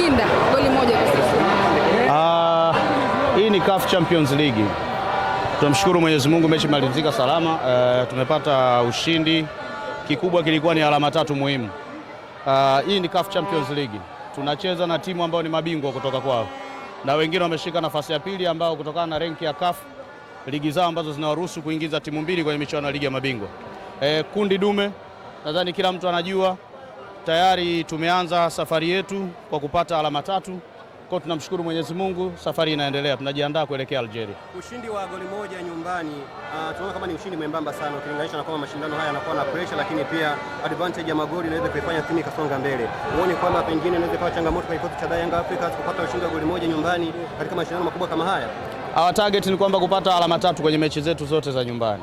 kushinda goli moja kwa sifuri. Ah, hii ni CAF Champions League. Tunamshukuru Mwenyezi Mungu, mechi imalizika salama. Uh, tumepata ushindi, kikubwa kilikuwa ni alama tatu muhimu. Uh, hii ni CAF Champions League, tunacheza na timu ambayo ni mabingwa kutoka kwao na wengine wameshika nafasi ya pili ambao kutokana na renki ya CAF ligi zao ambazo zinawaruhusu kuingiza timu mbili kwenye michuano ya ligi ya mabingwa. E, kundi dume nadhani kila mtu anajua tayari tumeanza safari yetu kwa kupata alama tatu. Kwa tunamshukuru Mwenyezi Mungu, safari inaendelea, tunajiandaa kuelekea Algeria. Ushindi wa goli moja nyumbani uh, tunaona kama ni ushindi mwembamba sana ukilinganisha na kwamba mashindano haya yanakuwa na pressure, lakini pia advantage ya magoli inaweza kuifanya timu ikasonga mbele. Uone kwamba pengine inaweza kuwa changamoto kwa kikosi cha da Yanga kupata ushindi wa goli moja nyumbani katika mashindano makubwa kama haya. Our target ni kwamba kupata alama tatu kwenye mechi zetu zote za nyumbani.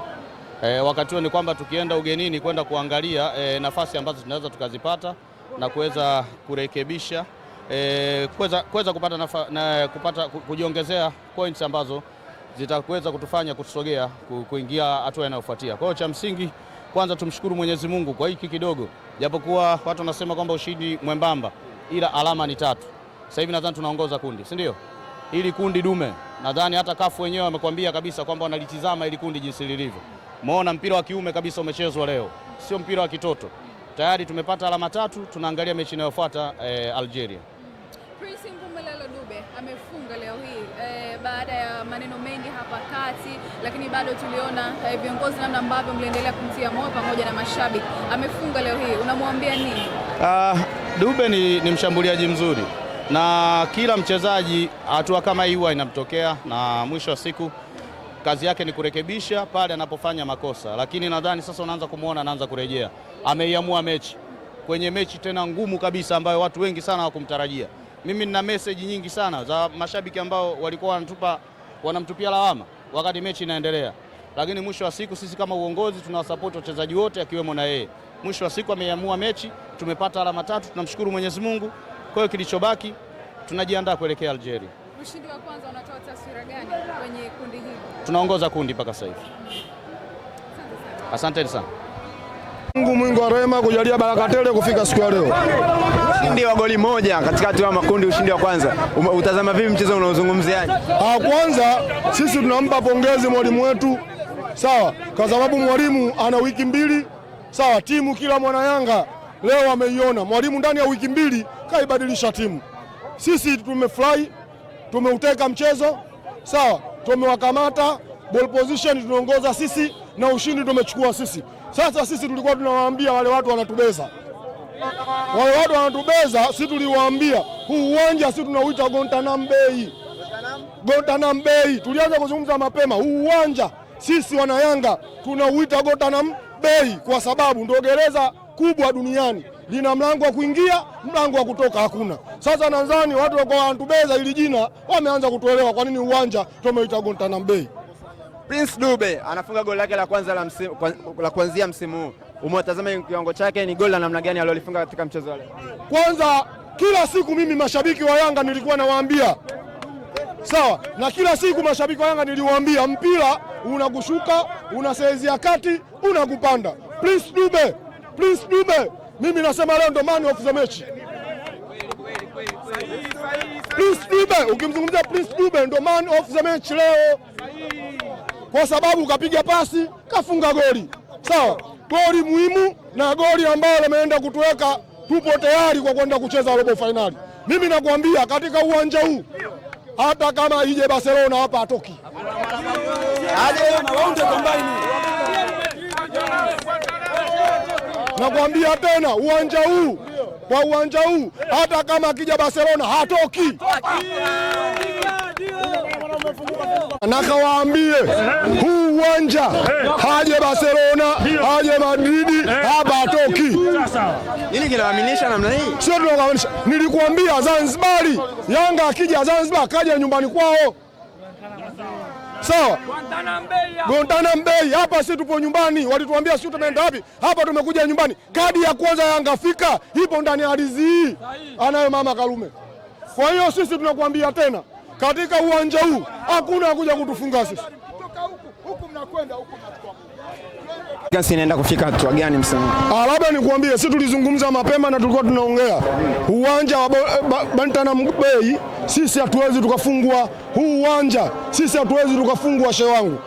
E, wakati huo ni kwamba tukienda ugenini kwenda kuangalia e, nafasi ambazo tunaweza tukazipata na kuweza kurekebisha e, kuweza kuweza kupata, nafa, na, kupata kujiongezea points ambazo zitaweza kutufanya kutusogea kuingia hatua inayofuatia. Kwa hiyo cha msingi kwanza tumshukuru Mwenyezi Mungu kwa hiki kidogo, japokuwa watu wanasema kwamba ushindi mwembamba, ila alama ni tatu. Sasa hivi nadhani tunaongoza kundi, si ndio? Ili kundi dume, nadhani hata kafu wenyewe wamekwambia kabisa kwamba wanalitizama ili kundi jinsi lilivyo. Umeona mpira wa kiume kabisa umechezwa leo, sio mpira wa kitoto. Tayari tumepata alama tatu, tunaangalia mechi inayofuata e, Algeria. Prince Mpumelelo Dube amefunga leo hii e, baada ya maneno mengi hapa kati, lakini bado tuliona e, viongozi namna ambavyo mliendelea kumtia moyo pamoja na mashabiki. Amefunga leo hii, unamwambia nini? Uh, Dube ni, ni mshambuliaji mzuri na kila mchezaji hatua kama hii huwa inamtokea, na mwisho wa siku kazi yake ni kurekebisha pale anapofanya makosa, lakini nadhani sasa unaanza kumwona anaanza kurejea. Ameiamua mechi kwenye mechi tena ngumu kabisa ambayo watu wengi sana hawakumtarajia. Mimi nina meseji nyingi sana za mashabiki ambao walikuwa wanatupa wanamtupia lawama wakati mechi inaendelea, lakini mwisho wa siku sisi kama uongozi tunawasapoti wachezaji wote akiwemo na yeye. Mwisho wa siku ameiamua mechi, tumepata alama tatu, tunamshukuru Mwenyezi Mungu. Kwa hiyo kilichobaki tunajiandaa kuelekea Algeria ushindi wa kwanza unatoa taswira gani kwenye kundi hili? Tunaongoza kundi mpaka sasa hivi. Asante sana. Mungu mwingi wa rehema kujalia baraka tele kufika siku ya leo. Ushindi wa goli moja katikati ya makundi, ushindi wa kwanza. Utazama vipi mchezo unaozungumziaje? Ah, kwanza sisi tunampa pongezi mwalimu wetu, sawa, kwa sababu mwalimu ana wiki mbili, sawa. Timu kila mwana Yanga leo ameiona mwalimu, ndani ya wiki mbili kaibadilisha timu. Sisi tumefurahi tumeuteka mchezo sawa, tumewakamata ball position, tunaongoza sisi na ushindi tumechukua sisi. Sasa sisi tulikuwa tunawaambia wale watu wanatubeza, wale watu wanatubeza, si tuliwaambia huu uwanja si tunauita Gontanam Bay, Gontanam Bay. Tulianza kuzungumza mapema, huu uwanja sisi wana Yanga tunauita Gontanam Bay kwa sababu ndio gereza kubwa duniani, lina mlango wa kuingia, mlango wa kutoka hakuna. Sasa nadhani watu walikuwa wanatubeza hili jina, wameanza kutuelewa kwa nini uwanja tumeita Guantanamo Bay. Prince Dube anafunga goli lake la kwanza la msimu, la kuanzia msimu huu. Umewatazama kiwango chake, ni goli la namna gani alilolifunga katika mchezo wale? Kwanza kila siku mimi mashabiki wa Yanga nilikuwa nawaambia sawa, na kila siku mashabiki wa Yanga niliwaambia mpira unakushuka, una ya kati, unakupanda. Prince Dube, Prince Dube, mimi nasema leo ndo man of the match. Prince Dube, ukimzungumzia Prince Dube ndo man of the match leo, kwa sababu kapiga pasi kafunga goli sawa, goli muhimu na goli ambalo limeenda kutuweka tupo tayari kwa kwenda kucheza robo fainali. Mimi nakwambia katika uwanja huu hata kama ije Barcelona hapa atoki nakwambia tena, uwanja huu kwa uwanja huu, hata kama akija Barcelona hatoki. Na kawaambie huu uwanja haje Barcelona haje Madridi, hapa hatoki. Nini kinawaaminisha namna hii? Sio tunawaaminisha, nilikuambia Zanzibari, Yanga akija Zanzibar kaja nyumbani kwao sawa. Guantanamo Bay hapa, si tupo nyumbani, walituambia si tumeenda wapi? Hapa tumekuja nyumbani. Kadi ya kwanza Yanga fika ipo ndani ya ardhi hii, anayo mama Karume. Kwa hiyo sisi tunakuambia tena, katika uwanja huu hakuna kuja kutufunga sisi. Gasi inaenda kufika hatua gani msimu? Ah, labda nikuambie, sisi tulizungumza mapema na tulikuwa tunaongea uwanja wa Bantanam Bay, sisi hatuwezi tukafungwa huu uwanja, sisi hatuwezi tukafungwa shehe wangu.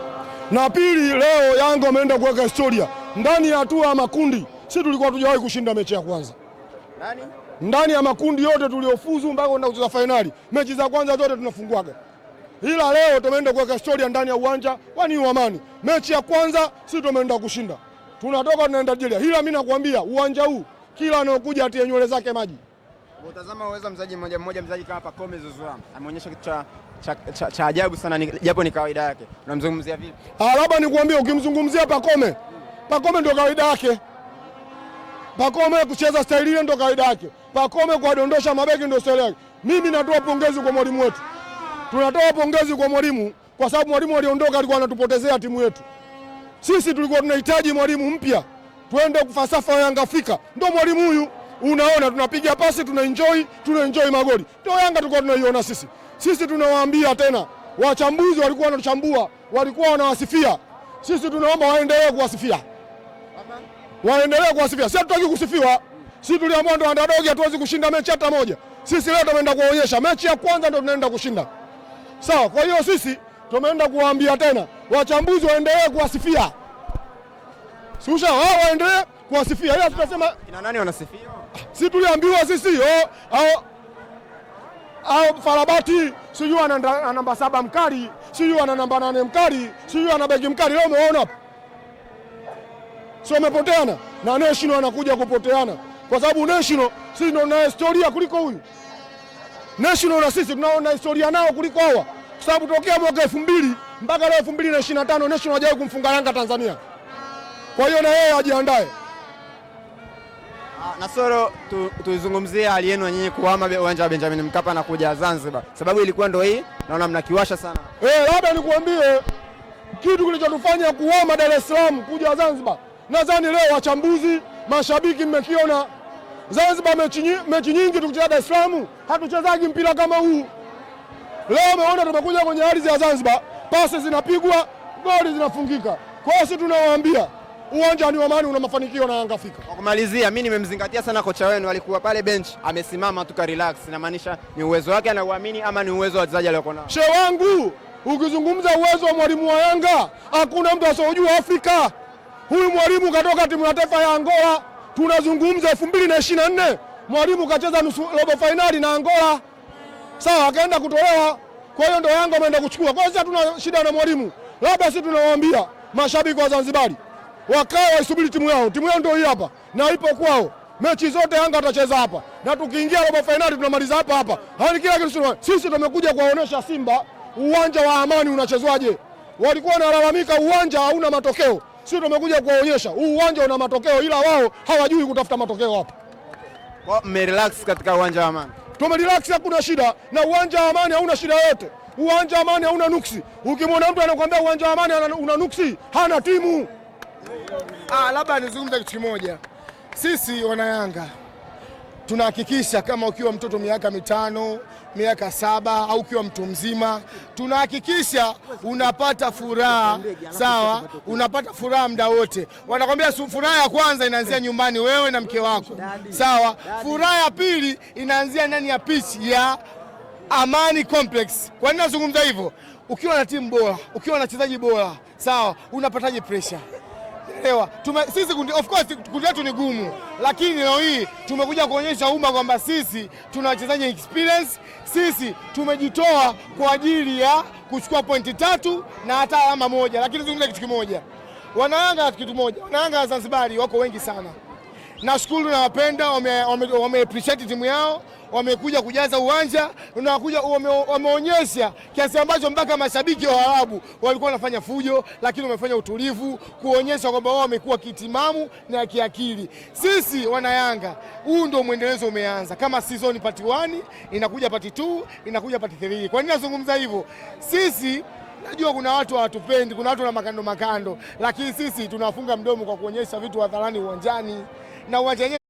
Na pili, leo Yanga wameenda kuweka historia ndani ya hatua ya makundi. Sisi tulikuwa hatujawahi kushinda mechi ya kwanza nani? ndani ya makundi yote tuliofuzu mpaka kwenda kucheza fainali, mechi za kwanza zote tunafungwaga ila leo tumeenda kuweka historia ndani ya uwanja wa New Amani. Mechi ya kwanza si tumeenda kushinda, tunatoka tunaenda Algeria, ila mimi nakwambia uwanja huu kila anaokuja atie nywele zake maji. Utazama uweza mzaji mmoja mmoja, mzaji kama hapa Kome Zouzoua ameonyesha kitu cha, cha, cha, cha ajabu sana ni, japo ni kawaida yake. Unamzungumzia vipi? Ah, labda nikwambie, ukimzungumzia Pakome, Pakome ndio kawaida yake. Pakome kucheza staili ile ndio kawaida yake. Pakome kuwadondosha mabeki ndio staili yake. Mimi natoa pongezi kwa mwalimu wetu Tunatoa pongezi kwa mwalimu kwa sababu mwalimu aliondoka, alikuwa anatupotezea timu yetu. Sisi tulikuwa tunahitaji mwalimu mpya, twende kufasafa Yanga Afrika, ndo mwalimu huyu. Unaona, tunapiga pasi, tunaenjoy, tunaenjoy magoli, ndo Yanga tulikuwa tunaiona sisi. Sisi tunawaambia tena, wachambuzi walikuwa wanachambua, walikuwa wanawasifia, sisi tunaomba waendelee kuwasifia, waendelee kuwasifia. Sisi hatutaki kusifiwa, sisi tuliamua ndo andadogi, hatuwezi kushinda mechi hata moja. Sisi leo tumeenda kuonyesha mechi ya kwanza, ndo tunaenda kushinda sawa. Kwa hiyo sisi tumeenda kuwaambia tena wachambuzi waendelee kuwasifia susha, wao waendelee kuwasifia, ila tutasema ina nani wanasifia? Si tuliambiwa sisi au oh, au oh, oh, Farabati sijui ana namba saba mkali, sijui ana namba nane mkali, sijui ana beki mkali. Leo umeona hapo, si na National anakuja kupoteana, kwa sababu National si ndo na historia kuliko huyu. National na sisi tunaona historia nao kuliko hawa, kwa sababu tokea mwaka 2000 mpaka leo 2025 National hajawahi kumfunga Yanga Tanzania. Kwa hiyo na yeye ajiandae. Ah, Nasoro, tuizungumzie hali yenu nyinyi kuhama uwanja wa Benjamin Mkapa na kuja Zanzibar, sababu ilikuwa ndo hii, naona mnakiwasha sana. Eh, labda nikuambie kitu kilichotufanya kuhama Dar es Salaam kuja Zanzibar. Nadhani leo wachambuzi, mashabiki mmekiona Zanzibar mechi nyingi tukicheza Dar es Salaam hatuchezaji mpira kama huu. Leo umeona tumekuja kwenye ardhi ya Zanzibar, pasi zinapigwa, goli zinafungika. Kwa hiyo sisi tunawaambia uwanja ni wa Amani, una mafanikio na Yanga Kwa kumalizia, mimi nimemzingatia sana kocha wenu, alikuwa pale bench amesimama tu ka relax, namaanisha ni uwezo wake anauamini, ama ni uwezo wa wachezaji aliokuwa nao. Shehe wangu, ukizungumza uwezo wa mwalimu wa Yanga hakuna mtu asiojua Afrika. Huyu mwalimu katoka timu ya taifa ya Angola tunazungumza elfu mbili na ishirini na nne mwalimu kacheza nusu robo fainali na Angola, sawa, akaenda kutolewa. Kwa hiyo ndo Yanga ameenda kuchukua. Kwa hiyo sisi tuna shida na mwalimu, labda sisi tunawaambia mashabiki wa Zanzibari wakae waisubiri timu yao. Timu yao ndio hii hapa na ipo kwao. Mechi zote Yanga atacheza hapa na tukiingia robo fainali tunamaliza hapa hapa, hani kila kitu. Sisi tumekuja kuwaonesha Simba uwanja wa Amani unachezwaje. Walikuwa wanalalamika uwanja hauna matokeo sisi tumekuja kuwaonyesha huu uwanja una matokeo, ila wao hawajui kutafuta matokeo hapa. Kwa mmerelax katika uwanja wa Amani, tumerelax, hakuna shida na uwanja wa Amani hauna shida yoyote. Uwanja wa Amani hauna nuksi. Ukimwona mtu anakuambia uwanja wa Amani una nuksi, hana timu. Ah, labda nizungumze kitu kimoja, sisi wana Yanga tunahakikisha kama ukiwa mtoto miaka mitano miaka saba au ukiwa mtu mzima, tunahakikisha unapata furaha sawa, unapata furaha muda wote. Wanakwambia furaha ya kwanza inaanzia nyumbani, wewe na mke wako sawa. Furaha ya pili inaanzia ndani ya pichi ya Amani Complex. Kwa nini nazungumza hivyo? Ukiwa na timu bora, ukiwa na wachezaji bora sawa, unapataje pressure Elewa, sisi kundi, of course kundi letu ni gumu, lakini leo hii tumekuja kuonyesha umma kwamba sisi tuna wachezaji experience. Sisi tumejitoa kwa ajili ya kuchukua pointi tatu na hata alama moja, lakini zungumza kitu kimoja, wanaanga kitu moja, wanaanga wa Zanzibari wako wengi sana shukuru nawapenda, wame appreciate timu yao, wamekuja kujaza uwanja na wameonyesha wame kiasi ambacho mpaka mashabiki wa Arabu walikuwa wanafanya fujo, lakini wamefanya utulivu kuonyesha kwamba wao wamekuwa kitimamu na kiakili. Sisi wanayanga, huu ndio mwendelezo umeanza, kama season part 1 inakuja part 2 inakuja part 3. Kwa nini nazungumza hivyo? sisi najua kuna watu hawatupendi, kuna watu na makando makando, lakini sisi tunafunga mdomo kwa kuonyesha vitu hadharani uwanjani na uwanja wenyewe